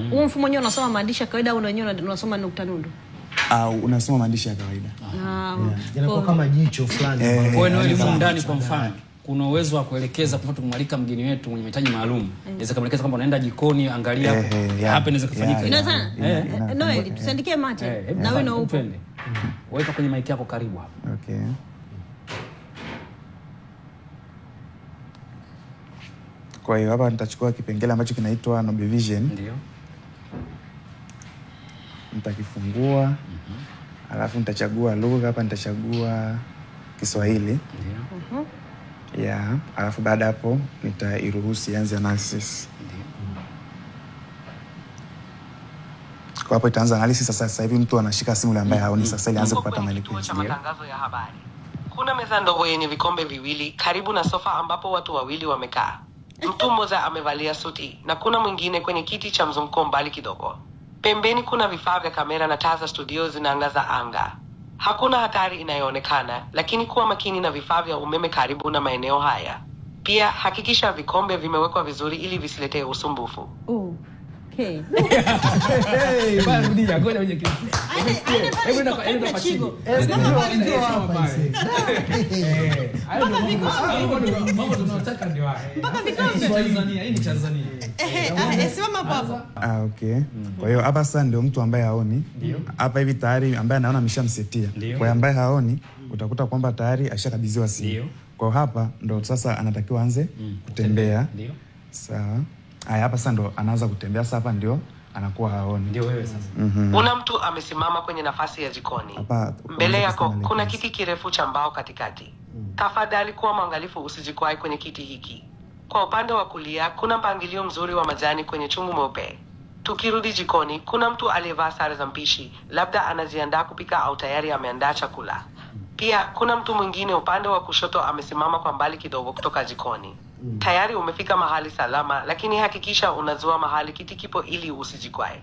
Mm. Wewe mfumo wenyewe unasoma maandishi ya kawaida au wenyewe unasoma nukta nundu? Uh, unasoma maandishi ya kawaida. Ah. Yanakuwa kama jicho fulani. Eh, kwa hiyo elimu ndani kwa mfano kuna uwezo wa kuelekeza kwa tumwalika mgeni wetu mwenye mahitaji maalum. Eh. Naweza kumwelekeza kwamba unaenda jikoni, angalia eh, hapa inaweza kufanyika. Inaweza. Noel, tusandikie mate. Na wewe na upo. Weka kwenye maiki yako karibu hapa. Okay. Kwa hiyo hapa nitachukua kipengele ambacho kinaitwa Nobivision. Ndio nitakifungua mm -hmm. alafu nitachagua lugha hapa, nitachagua Kiswahili yeah. mm -hmm. yeah. alafu baada hapo nitairuhusu ianze analysis Kwa hapo itaanza analisi sasa. Sasa hivi mtu anashika simu ile ambaye haoni, sasa ili aanze kupata maelekezo cha matangazo ya habari. Kuna meza ndogo yenye vikombe viwili karibu na sofa ambapo watu wawili wamekaa. Mtu mmoja amevalia suti na kuna mwingine kwenye kiti cha mzunguko mbali kidogo. Pembeni kuna vifaa vya kamera na taa za studio zinaangaza anga. Hakuna hatari inayoonekana, lakini kuwa makini na vifaa vya umeme karibu na maeneo haya. Pia hakikisha vikombe vimewekwa vizuri ili visiletee usumbufu. Okay. Mpaka vikombe hii ni Tanzania. Eh, eh, eh, simama hapo. Ah, okay. Kwa hiyo hapa sasa ndio mtu ambaye haoni hapa hivi tayari, ambaye anaona ameshamsetia. Kwa hiyo ambaye haoni utakuta kwamba tayari ashakabidhiwa simu. Kwa hiyo hapa ndo sasa anatakiwa anze mm. kutembea. Sawa. Aya, hapa sasa ndo anaanza kutembea. Sasa hapa ndio anakuwa haoni. Ndio wewe sasa. mm -hmm. Una mtu amesimama kwenye nafasi ya jikoni hapa, mbele yako kuna kiti kirefu cha mbao katikati. mm. Tafadhali kuwa mwangalifu usijikwae kwenye kiti hiki. Kwa upande wa kulia kuna mpangilio mzuri wa majani kwenye chungu mweupe. Tukirudi jikoni, kuna mtu aliyevaa sare za mpishi, labda anajiandaa kupika au tayari ameandaa chakula. Pia kuna mtu mwingine upande wa kushoto amesimama kwa mbali kidogo kutoka jikoni. Mm. Tayari umefika mahali salama, lakini hakikisha unazua mahali kiti kipo ili usijikwae.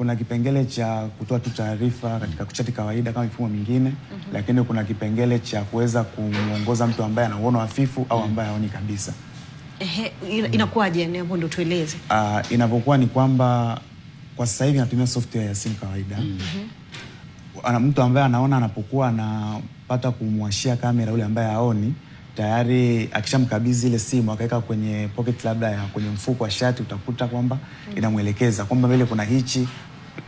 kuna kipengele cha kutoa tu taarifa katika kuchati kawaida kama mifumo mingine mm -hmm. Lakini kuna kipengele cha kuweza kumwongoza mtu ambaye ana uono hafifu au ambaye haoni kabisa. Ehe, inakuwaje? Ni Hapo ndo tueleze. Ah, Uh, inapokuwa ni kwamba kwa sasa hivi natumia software ya simu kawaida mm -hmm. Ana mtu ambaye anaona anapokuwa anapata kumwashia kamera ule ambaye haoni tayari akishamkabidhi ile simu akaweka kwenye pocket labda ya kwenye mfuko wa shati, utakuta kwamba mhm. inamwelekeza kwamba mbele kuna hichi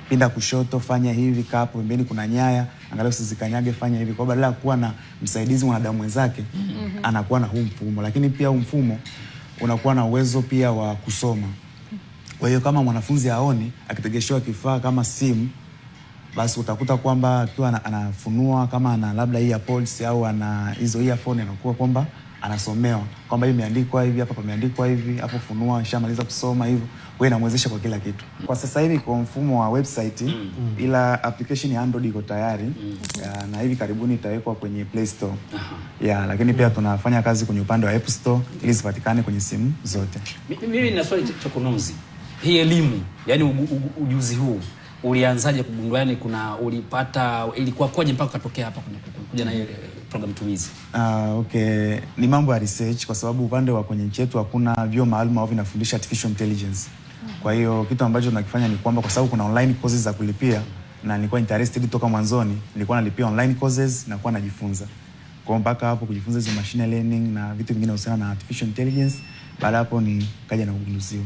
pinda kushoto, fanya hivi, kaa hapo pembeni, kuna nyaya, angalau usizikanyage, fanya hivi. Kwa badala ya kuwa na msaidizi mwanadamu mwenzake mm -hmm. anakuwa na huu mfumo, lakini pia huu mfumo unakuwa na uwezo pia wa kusoma. Kwa hiyo kama mwanafunzi aoni, akitegeshewa kifaa kama simu basi utakuta kwamba akiwa anafunua kama ana labda earpods au ana hizo earphone anakuwa kwamba anasomewa kwamba hii imeandikwa hivi, hapa pameandikwa hivi, hapo funua, shamaliza kusoma hivyo, wewe inamwezesha kwa kila kitu. Mm. Kwa sasa hivi kwa mfumo wa website mm. mm. ila application ya Android iko tayari mm. ya, na hivi karibuni itawekwa kwenye Play Store uh-huh. ya lakini pia mm. tunafanya kazi kwenye upande wa App Store ili zipatikane kwenye simu zote. Mimi mi, nina swali cha Konozi, hii elimu yani ujuzi huu ulianzaje kugundua? Yani kuna ulipata ilikuwa kwaje mpaka katokea hapa kuja na ile program tumizi. Ah, okay. Ni mambo ya research kwa sababu upande wa kwenye nchi yetu hakuna vyuo maalum ambavyo vinafundisha artificial intelligence. Kwa hiyo kitu ambacho tunakifanya ni kwamba kwa sababu kuna online courses za kulipia na nilikuwa interested toka mwanzoni, nilikuwa nalipia online courses na kuwa najifunza. Kwa mpaka hapo kujifunza hizo machine learning na vitu vingine husiana na artificial intelligence, baada hapo nikaja na ugunduzi